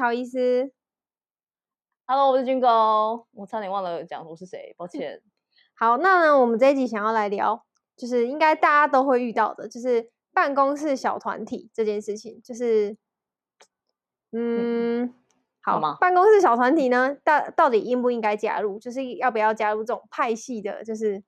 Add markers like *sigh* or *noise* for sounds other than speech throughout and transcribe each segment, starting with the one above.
喬醫師，Hello，我是軍哥，我差點忘了講我是誰，抱歉。 *laughs* 好，那呢，我們這一集想要來聊，就是應該大家都會遇到的，就是辦公室小團體這件事情。就是，嗯，好，嗯好嗎？辦公室小團體呢，到到底應不應該加入？就是要不要加入這種派系的？就是，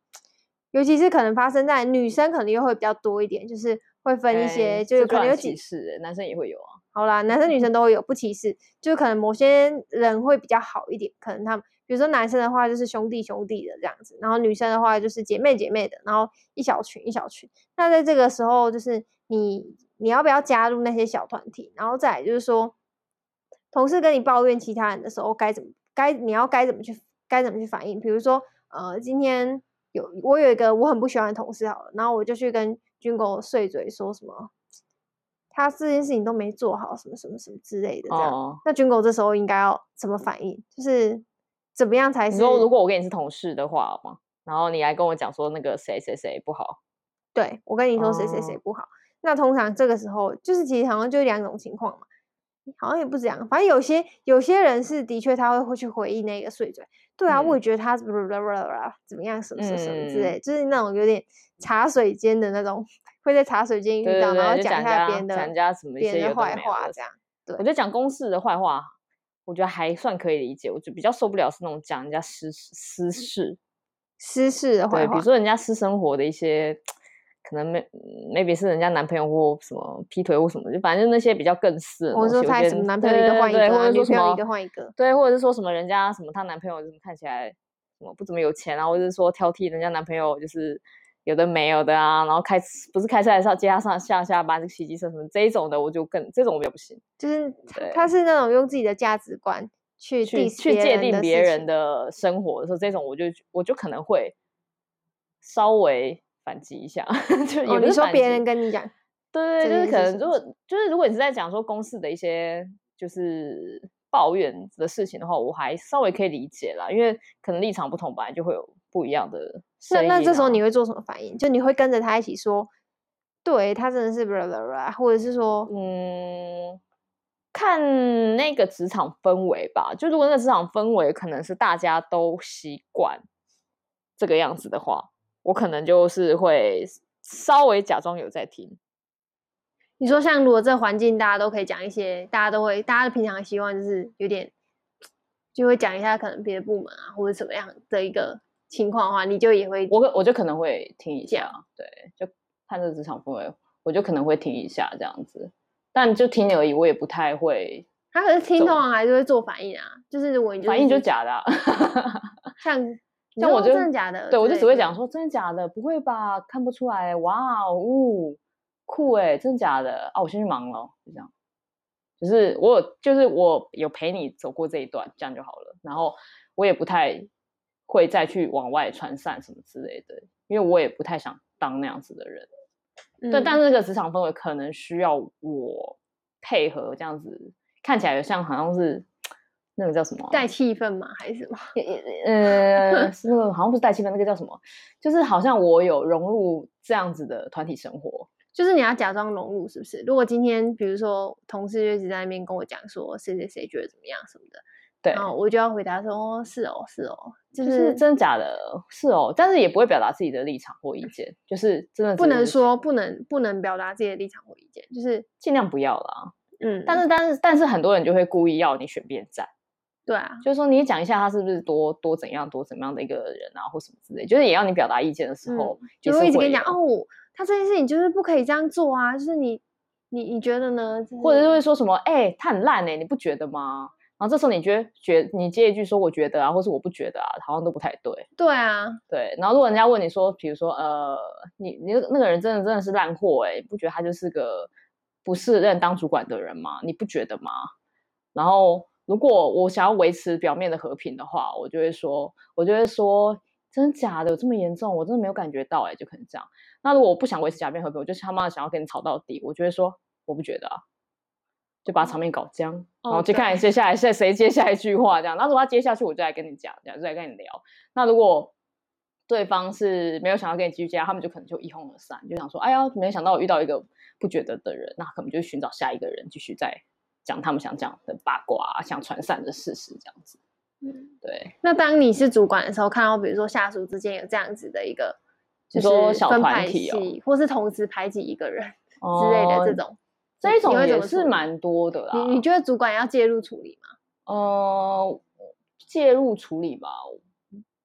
尤其是可能發生在女生，可能又會比較多一點，就是會分一些，欸、就是可能有幾次，男生也會有啊。好啦，男生女生都會有，不歧視，就是可能某些人會比較好一點，可能他們，比如說男生的話就是兄弟兄弟的這樣子，然後女生的話就是姐妹姐妹的，然後一小群一小群。那在這個時候，就是你你要不要加入那些小團體？然後再來就是說，同事跟你抱怨其他人的時候，該怎麼該你要該怎麼去該怎麼去反應？比如說，呃，今天有我有一個我很不喜歡的同事，好了，然後我就去跟軍狗碎嘴說什麼。他這件事情都沒做好，什麼什麼什麼之類的，這樣，oh. 那軍狗這時候應該要怎麼反應？就是怎麼樣才是？你說如果我跟你是同事的話嘛，然後你還跟我講說那個誰誰誰不好，對我跟你說誰誰誰不好，oh. 那通常這個時候就是其實好像就兩種情況嘛，好像也不只這樣。反正有些有些人是的確他會會去回憶那個碎嘴，對啊，嗯、我也覺得他怎麼啦怎麼樣什麼什麼什麼之類，嗯、就是那種有點茶水間的那種。會在茶水間遇到，對對對，然後講一下講人，別的講人家什麼一些壞話這樣。對，我覺得講公事的壞話，我覺得還算可以理解。我就比較受不了是那種講人家私私事，私事的壞話。對，比如說人家私生活的一些，可能沒 maybe 是人家男朋友或什麼劈腿或什麼，就反正就那些比較更是他我。我說他什麼男朋友一個換一個，女朋友一個，換一個，對，或者是說什麼人家什麼她男朋友就看起來什麼，不不怎麼有錢啊，或者是說挑剔人家男朋友就是。有的沒有的啊，然後開，不是開車的時候接他上下下班，這洗機車什麼這種的，我就更這種我也不行。就是對他是那種用自己的價值觀去去去界定別人的生活的時候，這種我就我就可能會稍微反擊一下。 *laughs* 就有、哦、你說別人跟你講，對對，是就是可能如果就是如果你是在講說公司的一些就是抱怨的事情的話，我還稍微可以理解啦，因為可能立場不同，本來就會有不一樣的。那那這時候你會做什麼反應？就你會跟着他一起說，對，他真的是 blah blah blah，或者是說，嗯，看那個職場氛圍吧。就如果那職場氛圍可能是大家都習慣這個樣子的話，我可能就是會稍微假裝有在聽。你說像如果這環境大家都可以講一些，大家都會，大家平常希望就是有點就會講一下可能別的部門啊或者怎麼樣的一個。情況的話，你就也會，我我就可能會聽一下，講對，就看這職場氛圍，我就可能會聽一下這樣子，但就聽而已，我也不太會。他、啊、可是聽聽完還是會做反應啊，就是我、就是、反應就假的、啊 *laughs* 像，像像我就，真的假的？對，對我就只會講說對真的假的，不會吧？看不出來，哇哦，呃、酷哎、欸，真的假的啊？我先去忙了，就這樣，就是我就是我有陪你走過這一段，這樣就好了。然後我也不太。會再去往外傳散什麼之類的，因為我也不太想當那樣子的人。嗯、對，但是那個職場氛圍可能需要我配合這樣子，看起來像好像是那個叫什麼、啊、帶氣氛嘛，還是什麼？呃、嗯，是不是，好像不是帶氣氛，那個叫什麼？就是好像我有融入這樣子的團體生活，就是你要假裝融入，是不是？如果今天比如說同事一直在那邊跟我講說誰誰誰覺得怎麼樣什麼的。對哦，我就要回答說，哦，是哦，是哦，就是，就是真的假的，是哦，但是也不會表達自己的立場或意見，嗯、就是真的不能說，就是、不能不能表達自己的立場或意見，就是盡量不要啦。嗯，但，但是但是但是很多人就會故意要你選邊站，對啊，就是說你講一下他是不是多多怎樣多怎麼樣的一個人啊，或什麼之類，就是也要你表達意見的時候，嗯、就是會一直跟你講哦，他這件事情就是不可以這樣做啊，就是你你你覺得呢？是或者就會說什麼哎、欸，他很爛哎、欸，你不覺得嗎？然後這時候你覺得覺你接一句說我覺得啊，或是我不覺得啊，好像都不太對。對啊，對。然後如果人家問你說，比如說呃，你你那個人真的真的是爛貨欸，不覺得他就是個不是認當主管的人嗎？你不覺得嗎？然後如果我想要維持表面的和平的話，我就會說，我就會說，真的假的，有這麼嚴重？我真的沒有感覺到欸，就可能這樣。那如果我不想維持表面和平，我就他媽想要跟你吵到底。我就會說，我不覺得啊。就把場面搞僵，哦、然後就看接下來誰接下一句話這樣。那對如果他接下去，我就來跟你講，就來跟你聊。那如果對方是沒有想要跟你繼續接，他們就可能就一哄而散，就想說，哎呀，沒想到我遇到一個不覺得的人，那可能就尋找下一個人繼續在講他們想講的八卦，想傳散的事實這樣子。嗯、對。那當你是主管的時候，看到比如說下屬之間有這樣子的一個，就是小團體、哦、或是同時排擠一個人之類的這種。嗯這一種也是蠻多的啦你。你覺得主管要介入處理嗎？呃，介入處理吧。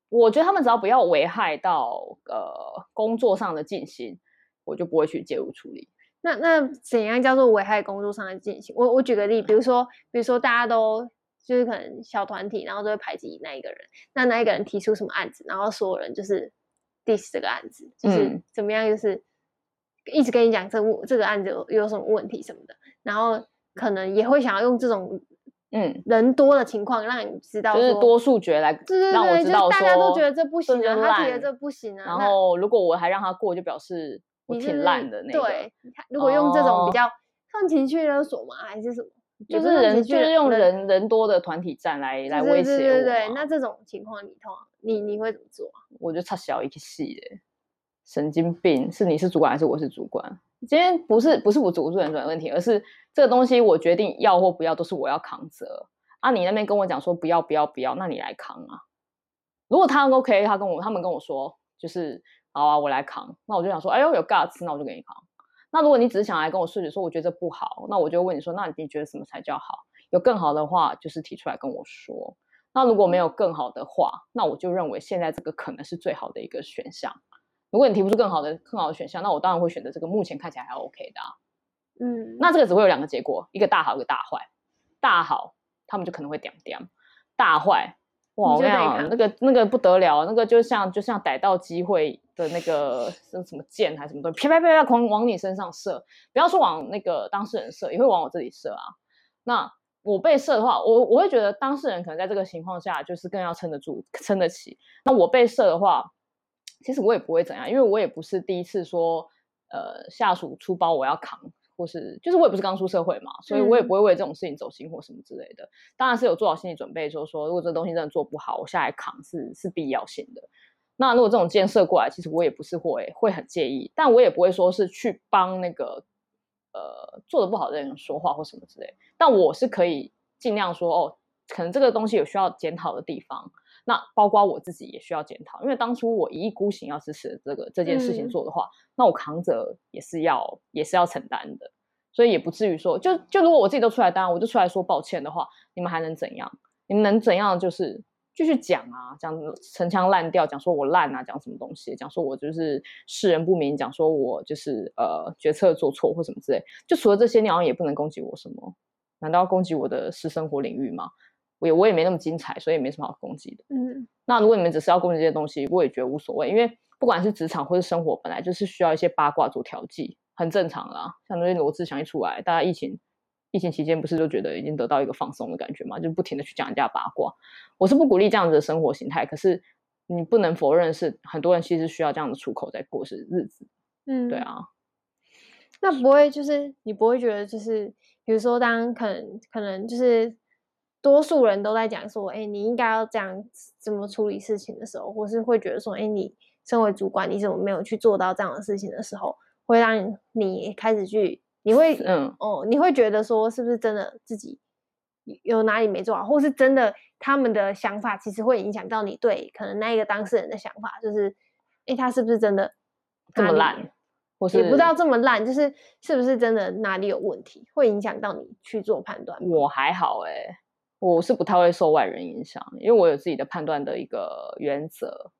我覺得他們只要不要危害到呃工作上的進行，我就不會去介入處理。那那怎樣叫做危害工作上的進行？我我舉個例，比如說比如說大家都就是可能小團體，然後就會排擠那一個人。那那一個人提出什麼案子，然後所有人就是 diss 這個案子，就是怎麼樣就是。嗯一直跟你講這這個案子有有什麼問題什麼的，然後可能也會想要用這種嗯人多的情況讓你知道、嗯、就是多數決來讓我知道說，對對對，就是、大家都覺得這不行，啊，他覺得這不行啊。然後如果我還讓他過，就表示我挺爛的、就是、那個種。對，如果用這種比較放情緒勒索嘛，哦、還是什麼，就是，是人就是用人人多的團體戰來來威脅。對對對，對那這種情況裡頭你你會怎麼做？我就差小一個戲。神經病，是你是主管還是我是主管？今天不是不是我主觀主人主人的問題，而是這個東西我決定要或不要都是我要扛責啊！你那邊跟我講說不要不要不要，那你來扛啊！如果他們 OK，他跟我他們跟我說就是好啊，我來扛。那我就想說，哎呦有 guts，那我就給你扛。那如果你只是想來跟我說職說我覺得不好，那我就問你說，那你覺得什麼才叫好？有更好的話就是提出來跟我說。那如果沒有更好的話，那我就認為現在這個可能是最好的一個選項。如果你提不出更好的更好的選項，那我當然會選擇這個目前看起來還 OK 的啊，嗯，那這個只會有兩個結果，一個大好，一個大壞。大好，他們就可能會點點；大壞，哇，那個那個那個不得了，那個就像就像逮到機會的那個什麼箭還是什麼東西，啪啪啪啪狂往你身上射，不要說往那個當事人射，也會往我這裡射啊。那我被射的話，我我會覺得當事人可能在這個情況下就是更要撐得住、撐得起。那我被射的話，其實我也不會怎樣，因為我也不是第一次說，呃，下屬出包我要扛，或是，就是我也不是剛出社會嘛，所以我也不會為這種事情走心或什麼之類的。嗯、當然是有做好心理準備說說，就說如果這東西真的做不好，我下來扛是是必要性的。那如果這種建設過來，其實我也不是會會很介意，但我也不會說是去幫那個呃做得不好的人說話或什麼之類。但我是可以盡量說哦，可能這個東西有需要檢討的地方。那包括我自己也需要檢討，因為當初我一意孤行要支持這個、嗯、這件事情做的話，那我扛着也是要也是要承擔的，所以也不至於說就就如果我自己都出來擔，我就出來說抱歉的話，你們還能怎樣？你們能怎樣就是繼續講啊，講陳腔濫調，講說我爛啊，講什麼東西，講說我就是世人不明，講說我就是呃決策做錯或什麼之類，就除了這些，你好像也不能攻擊我什麼，難道要攻擊我的私生活領域嗎？我也我也沒那麼精彩，所以也沒什麼好攻擊的。嗯，那如果你們只是要攻擊這些東西，我也覺得無所謂，因為不管是職場或是生活，本來就是需要一些八卦做調劑，很正常啦。像那些羅志祥一出來，大家疫情疫情期間不是就覺得已經得到一個放鬆的感覺嘛，就不停的去講人家八卦。我是不鼓勵這樣子的生活形態，可是你不能否認是很多人其實需要這樣的出口在過日子。嗯，對啊，那不會就是你不會覺得就是，比如說當可能可能就是。多數人都在講說，哎、欸，你應該要這樣怎麼處理事情的時候，或是會覺得說，哎、欸，你身為主管，你怎麼沒有去做到這樣的事情的時候，會讓你開始去，你會，嗯，哦，你會覺得說，是不是真的自己有哪裡沒做好，或是真的他們的想法其實會影響到你對可能那一個當事人的想法，就是，哎、欸，他是不是真的這麼爛，或也不知道這麼爛，就是是不是真的哪裡有問題，會影響到你去做判斷？我還好、欸，哎。我是不太會受外人影響，因為我有自己的判斷的一個原則。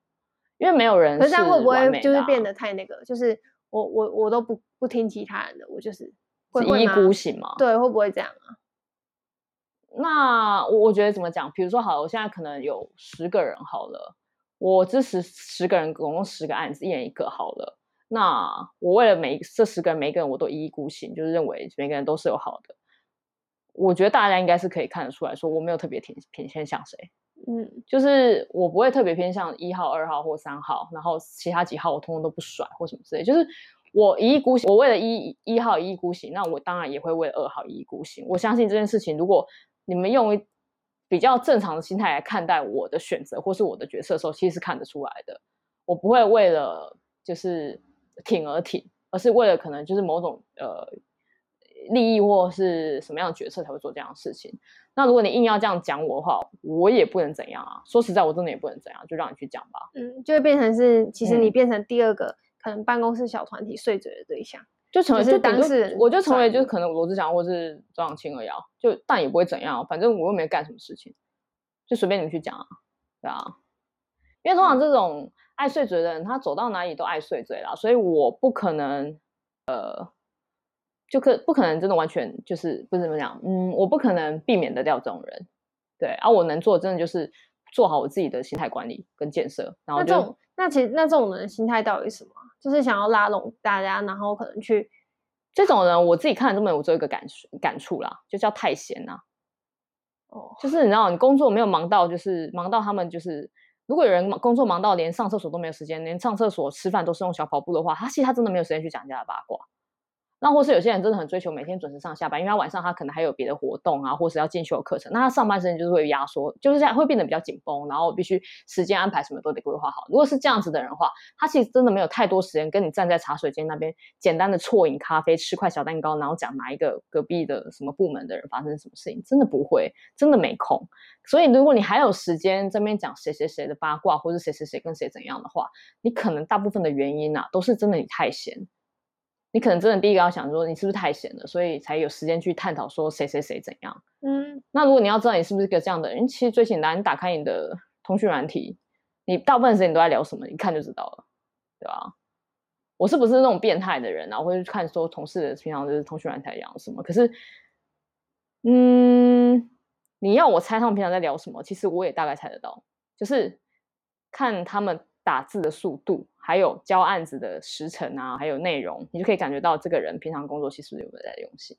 因為沒有人，啊，可是會不會就是變得太那個？就是我我我都不不聽其他人的，我就是，會是一意孤行嘛。對，會不會這樣啊？那我我覺得怎麼講？比如說，好了，我現在可能有十個人好了，我支持十個人總共十個案子，一人一個好了。那我為了每這十個人每一個人，我都一意孤行，就是認為每個人都是有好的。我覺得大家應該是可以看得出來說，我沒有特別偏偏偏向誰，嗯，就是我不會特別偏向一號、二號或三號，然後其他幾號我通通都不甩或什麼之類的。就是我一意孤行，我為了一一號一意孤行，那我當然也會為了二號一意孤行。我相信這件事情，如果你們用一比較正常的心態來看待我的選擇或是我的角色的時候，其實是看得出來的。我不會為了就是挺而挺，而是為了可能就是某種呃。利益或是什麼樣的決策才會做這樣的事情？那如果你硬要這樣講我的話，我也不能怎樣啊。說實在，我真的也不能怎樣，就讓你去講吧。嗯，就會變成是，其實你變成第二個、嗯、可能辦公室小團體碎嘴的對象，就成為就就就是當事人。我就成為就是可能羅志祥或是周揚青而已，就但也不會怎樣，反正我又沒幹什麼事情，就隨便你們去講啊，對啊。因為通常這種愛碎嘴的人，嗯、他走到哪裡都愛碎嘴啦，所以我不可能呃。就可不可能真的完全就是不是這麼講，嗯，我不可能避免得掉這種人，對啊，我能做真的就是做好我自己的心態管理跟建設。然後那這種那其實那這種人的心態到底什麼？就是想要拉攏大家，然後可能去這種人，我自己看了都沒有，做一個感感觸啦，就叫太閒啦。哦，oh. 就是你知道，你工作沒有忙到，就是忙到他們就是，如果有人工作忙到連上廁所都沒有時間，連上廁所、吃飯都是用小跑步的話，他其實他真的沒有時間去講人家的八卦。那或是有些人真的很追求每天準時上下班，因為他晚上他可能還有別的活動啊，或是要進修課程，那他上班時間就是會壓縮，就是這樣會變得比較緊繃，然後必須時間安排什麼都得規劃好。如果是這樣子的人的話，他其實真的沒有太多時間跟你站在茶水間那邊簡單的啜飲咖啡、吃塊小蛋糕，然後講哪一個隔壁的什麼部門的人發生什麼事情，真的不會，真的沒空。所以如果你還有時間這邊講誰誰誰的八卦，或是誰誰誰跟誰怎樣的話，你可能大部分的原因啊，都是真的你太閒。你可能真的第一個要想說，你是不是太閒了，所以才有時間去探討說誰誰誰怎樣。嗯，那如果你要知道你是不是一個這樣的人，嗯，其實最簡單，你打開你的通訊軟體，你大部分時間都在聊什麼，一看就知道了，對吧？啊，我是不是那種變態的人啊？我會去看說同事的平常就是通訊軟體聊什麼？可是，嗯，你要我猜他們平常在聊什麼，其實我也大概猜得到，就是看他們。打字的速度，還有交案子的時程啊，還有內容，你就可以感覺到這個人平常工作其實有沒有在用心。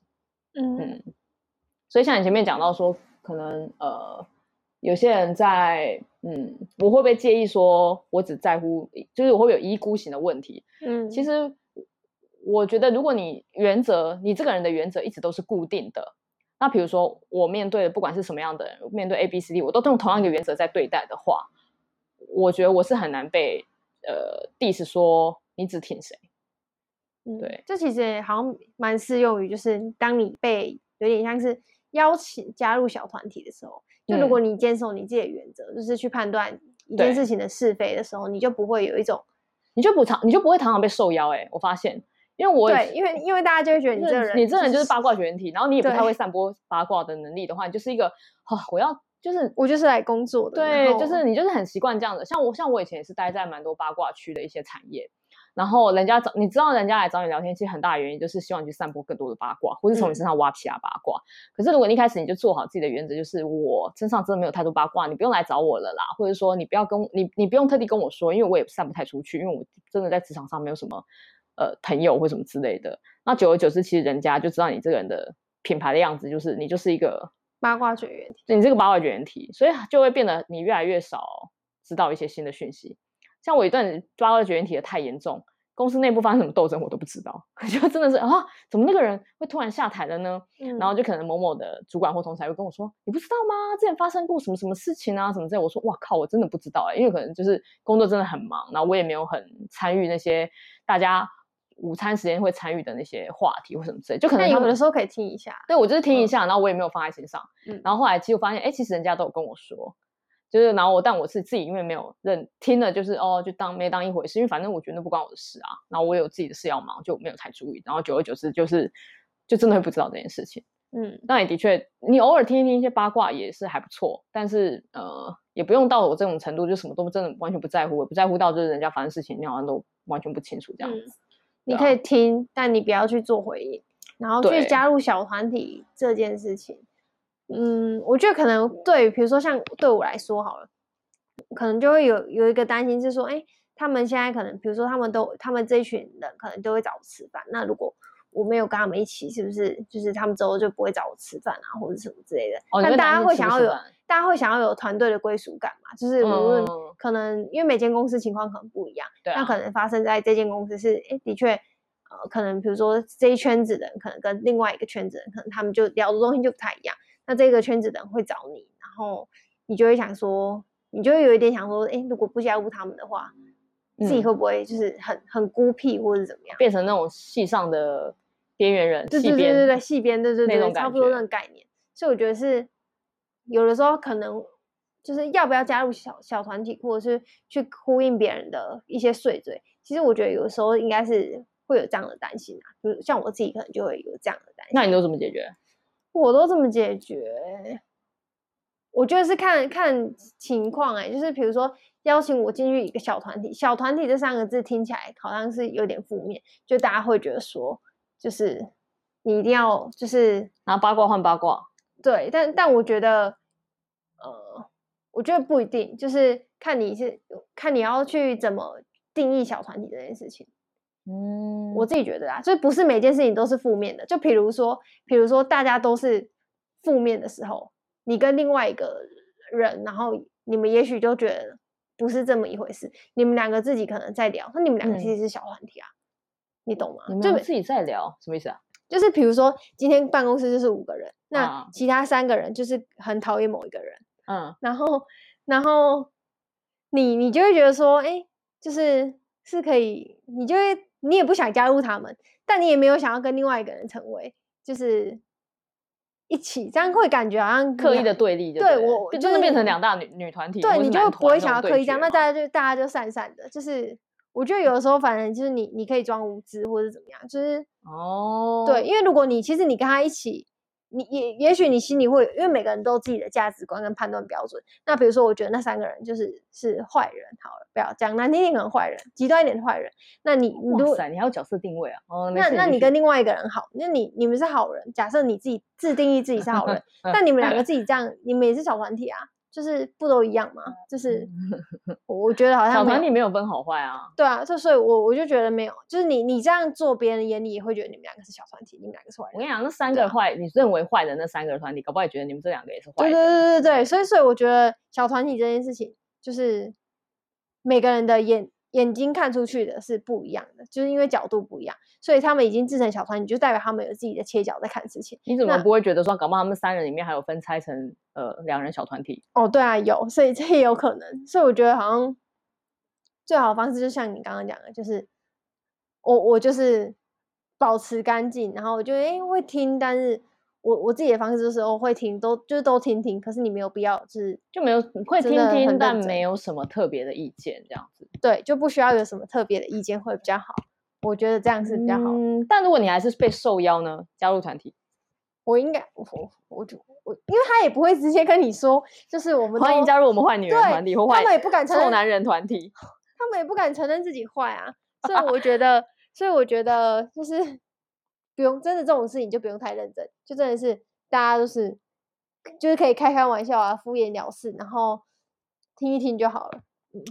嗯,嗯，所以像你前面講到說，可能呃，有些人在嗯，我會不會介意說我只在乎，就是我會不會有一意孤行的問題？嗯，其實我覺得，如果你原則，你這個人的原則一直都是固定的，那比如說我面對的不管是什麼樣的人，面對 A、B、C、D，我都用同樣一個原則在對待的話。我覺得我是很難被，呃，dis 說你只聽誰，對，這、嗯、其實好像蠻適用於，就是當你被有點像是邀請加入小團體的時候，就如果你堅守你自己的原則，嗯、就是去判斷一件事情的是非的時候，對你就不會有一種，你就不常，你就不會常常被受邀哎、欸，我發現，因為我對，因為因為大家就會覺得你這個人、就是，你這個人就是八卦絕緣體，然後你也不太會散播八卦的能力的話，對你就是一個，哈、啊，我要。就是我就是來工作的，對，然後就是你就是很習慣這樣的。像我像我以前也是待在蠻多八卦區的一些產業，然後人家找你知道人家來找你聊天，其實很大的原因就是希望你去散播更多的八卦，或是從你身上挖其他八卦。嗯、可是如果你一開始你就做好自己的原則，就是我身上真的沒有太多八卦，你不用來找我了啦，或者說你不要跟你你不用特地跟我說，因為我也散不太出去，因為我真的在職場上沒有什麼呃朋友或什麼之類的。那久而久之，其實人家就知道你這個人的品牌的樣子，就是你就是一個。八卦絕緣體，對你這個八卦絕緣體，所以就會變得你越來越少知道一些新的訊息。像我一段八卦絕緣體的太嚴重，公司內部發生什麼鬥爭我都不知道。就真的是啊，怎麼那個人會突然下台了呢？嗯、然後就可能某某的主管或同事會跟我說：“你不知道嗎？之前發生過什麼什麼事情啊？什麼之類。”我說：“哇靠，我真的不知道哎、欸，因為可能就是工作真的很忙，然後我也沒有很參與那些大家。”午餐時間會參與的那些話題或什麼之類的，就可能有的時候可以聽一下。對，我就是聽一下，嗯、然後我也沒有放在心上。嗯，然後後來其實我發現，哎、欸，其實人家都有跟我說，就是然後我但我是自己因為沒有認聽了，就是哦，就當沒當一回事，因為反正我覺得不關我的事啊。然後我有自己的事要忙，就沒有太注意。然後久而久之，就是就真的會不知道這件事情。嗯，但也的確，你偶爾聽一聽一些八卦也是還不錯。但是呃，也不用到我這種程度，就什麼都不真的完全不在乎，我不在乎到就是人家發生事情，你好像都完全不清楚這樣子。嗯你可以聽，但你不要去做回應，然後去加入小團體這件事情。對嗯，我覺得可能對，比如說像對我來說好了，可能就會有有一個擔心，是說，哎、欸，他們現在可能，比如說他們都，他們這一群人可能都會找我吃飯，那如果。我沒有跟他們一起，是不是？就是他們之後就不會找我吃飯啊，或者什麼之類的。那、哦、大家會想要有，哦、吃吃大家會想要有團隊的歸屬感嘛？就是無論可能，嗯、因為每間公司情況可能不一樣。啊、但那可能發生在這間公司是，哎、欸，的確，呃，可能比如說這一圈子的人，可能跟另外一個圈子的人，可能他們就聊的東西就不太一樣。那這個圈子的人會找你，然後你就會想說，你就會有一點想說，哎、欸，如果不加入他們的話，嗯、自己會不會就是很很孤僻，或者是怎麼樣？變成那種系上的。邊緣人，對對對對對，細邊，對對對，差不多那種概念。所以我覺得是有的時候可能就是要不要加入小小團體，或者是去呼應別人的一些碎嘴。其實我覺得有時候應該是會有這樣的擔心啊，比如像我自己可能就會有這樣的擔心。那你都怎麼解決？我都這麼解決，我就是看看情況哎、欸，就是比如說邀請我進去一個小團體，小團體這三個字聽起來好像是有點負面，就大家會覺得說。就是你一定要就是拿八卦換八卦，對，但但我覺得，呃，我覺得不一定，就是看你是看你要去怎麼定義小團體這件事情。嗯，我自己覺得啊，就是不是每件事情都是負面的。就比如說，比如說大家都是負面的時候，你跟另外一個人，然後，你們也許就覺得不是這麼一回事，你們兩個自己可能在聊，那你們兩個其實是小團體啊。嗯.你懂嗎？就自己在聊，對什麼意思啊？就是比如說，今天辦公室就是五個人，那其他三個人就是很討厭某一個人，嗯，然後，然後你你就會覺得說，哎、欸，就是是可以，你就會你也不想加入他們，但你也沒有想要跟另外一個人成為，就是一起，這樣會感覺好像刻意的對立就對，對我、就是、就真的變成兩大女女團體，對，團對，對，你就不會想要刻意這樣，那大家就大家就散散的，就是。我覺得有的時候，反正就是你，你可以裝無知或者怎麼樣，就是哦，oh. 對，因為如果你其實你跟他一起，你也也許你心裡會有，因為每個人都有自己的價值觀跟判斷標準。那比如說，我覺得那三個人就是是壞人，好了，不要講難聽點，天天可能壞人極端一點的壞人。那你你，都你還有角色定位啊？哦、oh,，那那你跟另外一個人好，那你你們是好人。假設你自己自定義自己是好人，那 *laughs* 你們兩個自己這樣， *laughs* 你們也是小團體啊？就是不都一樣嗎？就是我覺得好像小團體沒有分好壞啊。對啊，就所以，我我就覺得沒有，就是你你這樣做，別人的眼裡也會覺得你們兩個是小團體，你們兩個是壞人。我跟你講，那三個壞，啊、你認為壞的那三個團體，搞不好也覺得你們這兩個也是壞。對對對對對，所以所以我覺得小團體這件事情，就是每個人的眼。眼睛看出去的是不一樣的，就是因為角度不一樣，所以他們已經制成小團體，就代表他們有自己的切角在看事情。你怎麼不會覺得說，搞不好他們三人裡面還有分拆成呃兩人小團體？哦，對啊，有，所以這也有可能。所以我覺得好像最好的方式，就像你剛剛講的，就是我我就是保持乾淨，然後我就誒、欸、會聽，但是。我我自己的方式就是，我、哦、會聽，都就是都聽聽。可是你沒有必要，就是就沒有會聽聽，但沒有什麼特別的意見這樣子。對，就不需要有什麼特別的意見會比較好。我覺得這樣是比較好。嗯，但如果你還是被受邀呢，加入團體？我應該我我就我，我，因為他也不會直接跟你說，就是我們歡迎加入我們壞女人團體，或壞他們也不敢承認，臭男人團體。他們也不敢承認自己壞啊。所以我覺得， *laughs* 所以我覺得就是。不用，真的這種事情就不用太認真，就真的是大家都是，就是可以開開玩笑啊，敷衍了事，然後聽一聽就好了。嗯，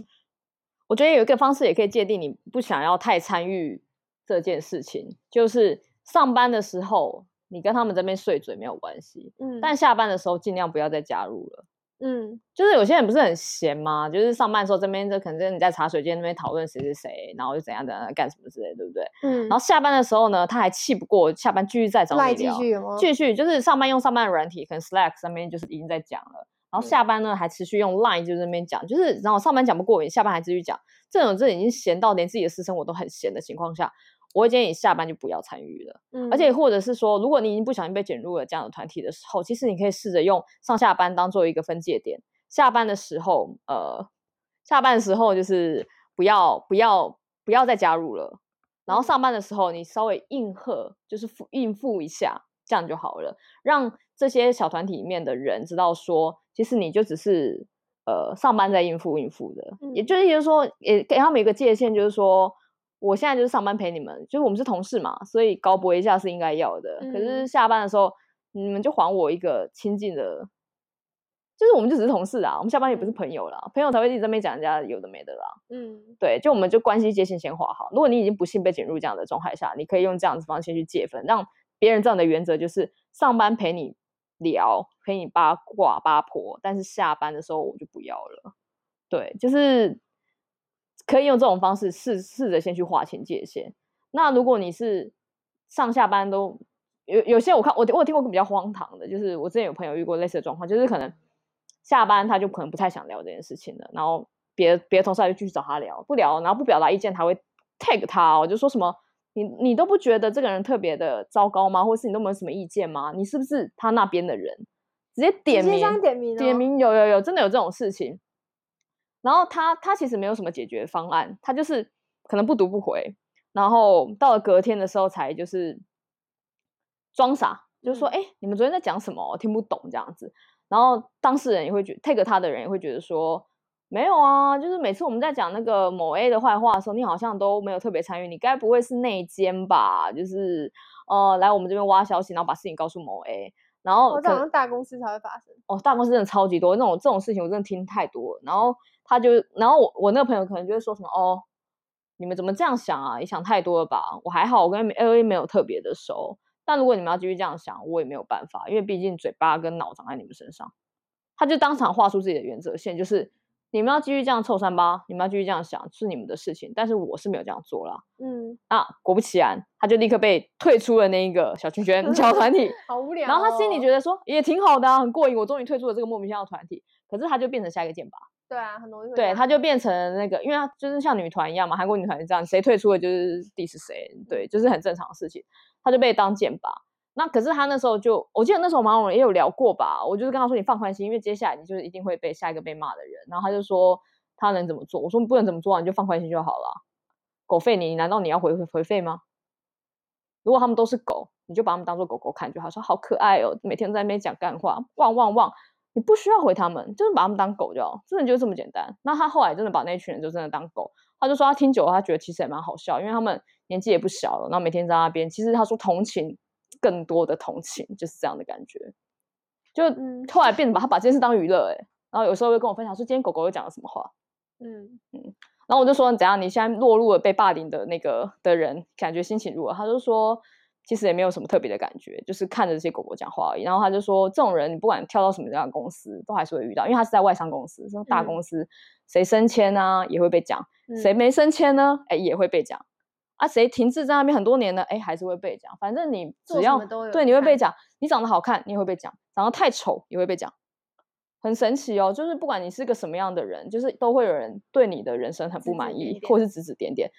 我覺得有一個方式也可以界定你不想要太參與這件事情，就是上班的時候你跟他們這邊碎嘴沒有關係，嗯，但下班的時候儘量不要再加入了。嗯，就是有些人不是很閒嗎？就是上班的時候這邊就可能就你在茶水間那邊討論誰是誰，然後又怎樣怎樣幹什麼之類，對不對？嗯，然後下班的時候呢，他還氣不過，下班繼續再找你聊，繼續,續就是上班用上班的軟體，可能 Slack 上面就是已經在講了，然後下班呢、嗯、還持續用 Line 就在那邊講，就是然後上班講不過我，你下班還繼續講，這種真的已經閒到連自己的私生活都很閒的情況下。我會建議你下班就不要參與了，嗯、而且或者是說，如果你已經不小心被捲入了這樣的團體的時候，其實你可以試着用上下班當做一個分界點，下班的時候，呃，下班的時候就是不要不要不要再加入了，然後上班的時候你稍微應和，就是付應付一下，這樣就好了，讓這些小團體裡面的人知道說，其實你就只是呃上班在應付應付的，嗯、也就是說，也給他們一個界限，就是說。我現在就是上班陪你們，就是我們是同事嘛，所以高博一下是應該要的。嗯、可是下班的時候，你們就還我一個親近的，就是我們就只是同事啊，我們下班也不是朋友了，朋友才會一直在那邊講人家有的沒的啦。嗯，對，就我們就關係界線先劃好。如果你已經不幸被捲入這樣的狀態下，你可以用這樣子方式去界分，讓別人這樣的原則就是上班陪你聊，陪你八卦八婆，但是下班的時候我就不要了。對，就是。可以用這種方式試試着先去劃清界限。那如果你是上下班都有有些我，我看我我有聽過比較荒唐的，就是我之前有朋友遇過類似的狀況，就是可能下班他就可能不太想聊這件事情了，然後別別的同事就繼續找他聊，不聊，然後不表達意見，他會 tag 他，哦，我就說什麼你你都不覺得這個人特別的糟糕嗎？或是你都沒有什麼意見嗎？你是不是他那邊的人？直接點名直接點名，點名有有有，真的有這種事情。然後他他其實沒有什麼解決方案，他就是可能不讀不回，然後到了隔天的時候才就是裝傻，就是說：“嗯、誒你們昨天在講什麼？我聽不懂。”這樣子。然後當事人也會覺，tag 他的人也會覺得說：“沒有啊，就是每次我們在講那個某 A 的壞話的時候，你好像都沒有特別參與，你該不會是內奸吧？就是呃，來我們這邊挖消息，然後把事情告訴某 A。然後可能我好像大公司才會發生哦，大公司真的超級多，那種這種事情我真的聽太多了然後。他就，然後我我那個朋友可能就會說什麼哦，你們怎麼這樣想啊？也想太多了吧？我還好，我跟 LA 沒有特別的熟。但如果你們要繼續這樣想，我也沒有辦法，因為畢竟嘴巴跟腦長在你們身上。他就當場畫出自己的原則線，就是你們要繼續這樣臭三八，你們要繼續這樣想是你們的事情，但是我是沒有這樣做了。嗯，啊，果不其然，他就立刻被退出了那一個小圈圈小團體， *laughs* 好無聊、哦。然後他心裡覺得說也挺好的、啊，很過癮，我終於退出了這個莫名其妙的團體。可是他就變成下一個箭靶。對啊，很容易。對，他就變成那個，因為他就是像女團一樣嘛，韓國女團是這樣，誰退出了就是 diss 誰。嗯、對，就是很正常的事情。他就被當箭靶。那可是他那時候就，我記得那時候馬永也有聊過吧，我就是跟他說，你放寬心，因為接下來你就是一定會被下一個被罵的人。然後他就說他能怎麼做，我說你不能怎麼做、啊、你就放寬心就好了。狗吠你，難道你要回回吠嗎？如果他們都是狗，你就把他們當做狗狗看就好，像好可愛哦，每天在那邊講幹話，汪汪汪。你不需要回他們，就是把他們當狗就好，真的就這麼簡單。那他後來真的把那群人就真的當狗，他就說他聽久了，他覺得其實也蠻好笑，因為他們年紀也不小了，然後每天在那邊。其實他說同情，更多的同情就是這樣的感覺。就、嗯、後來變得把他把這件事當娛樂，哎，然後有時候會跟我分享說今天狗狗又講了什麼話，嗯嗯，然後我就說你怎樣，你現在落入了被霸凌的那個的人，感覺心情如何？他就說。其實也沒有什麼特別的感覺，就是看着這些狗狗講話而已。然後他就說，這種人你不管跳到什麼樣的公司，都還是會遇到，因為他是在外商公司，這、就是、大公司，嗯、誰升遷呢、啊、也會被講，嗯、誰沒升遷呢，哎也會被講，啊誰停滯在那邊很多年呢，哎還是會被講。反正你只要對你會被講，你長得好看你也會被講，長得太醜也會被講，很神奇哦，就是不管你是個什麼樣的人，就是都會有人對你的人生很不滿意，或是指指點點。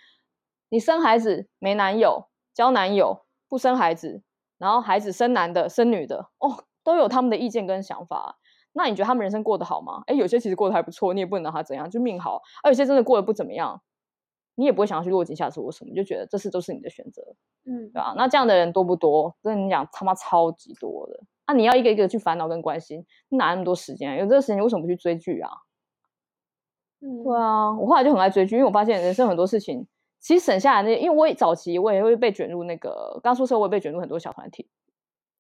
你生孩子沒男友，交男友。不生孩子，然後孩子生男的、生女的，哦，都有他們的意見跟想法。那你覺得他們人生過得好嗎？哎，有些其實過得還不錯，你也不能拿他怎樣，就命好；而有些真的過得不怎麼樣，你也不會想要去落井下石或什麼，就覺得這是都是你的選擇，嗯，對吧？那這樣的人多不多？跟你講他媽超級多的。那、啊、你要一個一個去煩惱跟關心，哪那麼多時間、啊？有這個時間，你為什麼不去追劇啊？嗯，對啊，我後來就很愛追劇，因為我發現人生很多事情。其實省下來。那因為我早期我也會被捲入那個，剛出社會我也被捲入很多小團體，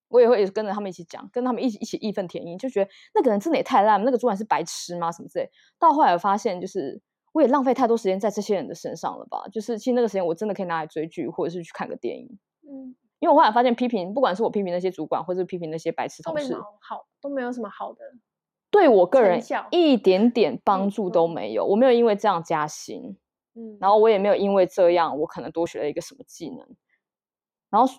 我也會跟着他們一起講，跟他們一起一起義憤填膺，就覺得那個人真的也太爛，那個主管是白痴嗎？什麼之類。到後來我發現，就是我也浪費太多時間在這些人的身上了吧？就是其實那個時間我真的可以拿來追劇或者是去看個電影。嗯，因為我後來發現批評，不管是我批評那些主管，或者是批評那些白痴同事，都好，都沒有什麼好的，對我個人一點點幫助都沒有。嗯嗯，我沒有因為這樣加薪。嗯，然後我也沒有因為這樣，我可能多學了一個什麼技能，然後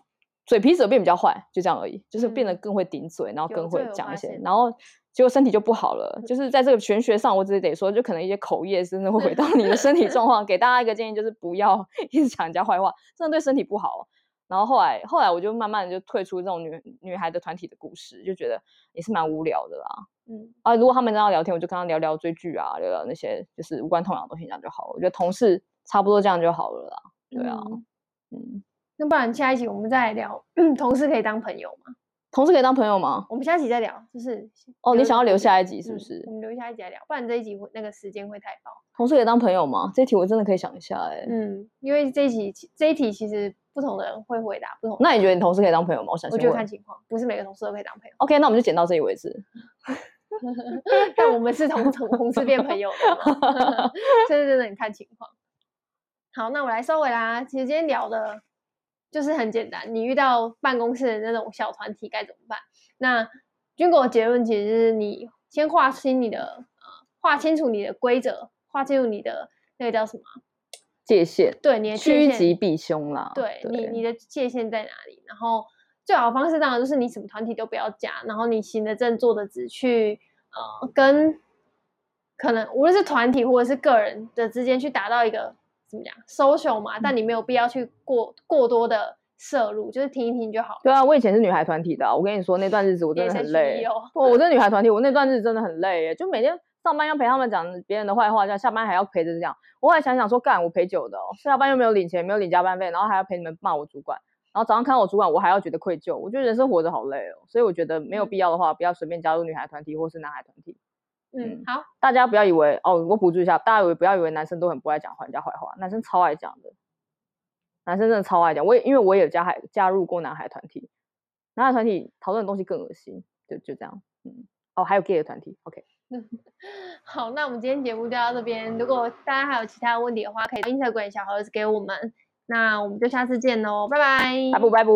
嘴皮子變比較壞，就這樣而已，就是變得更會頂嘴，嗯、然後更會講一些，然後結果身體就不好了。對就是在這個玄學上，我只得說，就可能一些口業甚至會回到你的身體狀況。對給大家一個建議，就是不要一直講人家壞話，這樣對身體不好。然後後來，後來我就慢慢的就退出這種女女孩的團體的故事，就覺得也是蠻無聊的啦。嗯，啊，如果他們在那聊天，我就跟他聊聊追劇啊，聊聊那些就是無關痛癢的東西這樣就好了。我覺得同事差不多這樣就好了啦。嗯、對啊，嗯，那不然下一集我們再來聊、嗯，同事可以當朋友嗎？同事可以當朋友嗎？我們下一集再聊，就是哦，聊你想要留下一集是不是？嗯、我們留下一集再聊，不然這一集那個時間會太高。同事可以當朋友嗎？這一題我真的可以想一下、欸，哎，嗯，因為這一集這一題其實。不同的人會回答不同答。那你覺得你同事可以當朋友嗎？我想，我覺得看情況，不是每個同事都可以當朋友。OK，那我們就剪到這裡為止。 *laughs* *laughs* *laughs* 但我們是同同事變朋友的嘛， *laughs* 真的真的，你看情況。好，那我來收尾啦。其實今天聊的，就是很簡單，你遇到辦公室的那種小團體該怎麼辦？那軍哥的結論其實是，你先劃清你的，呃，劃清楚你的規則，劃清楚你的那個叫什麼？界限，對你的趨吉避凶啦。對，對你你的界限在哪裡？然後最好方式當然就是你什麼團體都不要加，然後你行得正坐得直去，呃，跟可能無論是團體或者是個人的之間去達到一個怎麼講 social 嘛，嗯，但你沒有必要去過過多的攝入，就是聽一聽就好。對啊，我以前是女孩團體的啊，我跟你說那段日子我真的很累很哦。哦嗯，我我是女孩團體，我那段日子真的很累耶，就每天。上班要陪他們講別人的壞話，下班還要陪着這樣。我後來想想說，幹，我陪酒的哦，下班又沒有領錢，沒有領加班費，然後還要陪你們罵我主管，然後早上看到我主管，我還要覺得愧疚。我覺得人生活着好累哦，所以我覺得沒有必要的話，嗯、不要隨便加入女孩團體或是男孩團體。嗯，好、嗯，大家不要以為哦，我補充一下，大家不要以為男生都很不愛講壞人家壞話，男生超愛講的，男生真的超愛講。我也因為我也加還加入過男孩團體，男孩團體討論的東西更惡心，就就這樣。嗯，哦，還有 gay 的團體，OK。 *laughs* 好，那我們今天節目就到這邊。如果大家還有其他問題的話，可以到 Instagram 小盒子給我們。那我們就下次見嘍，拜拜，拜拜，拜拜。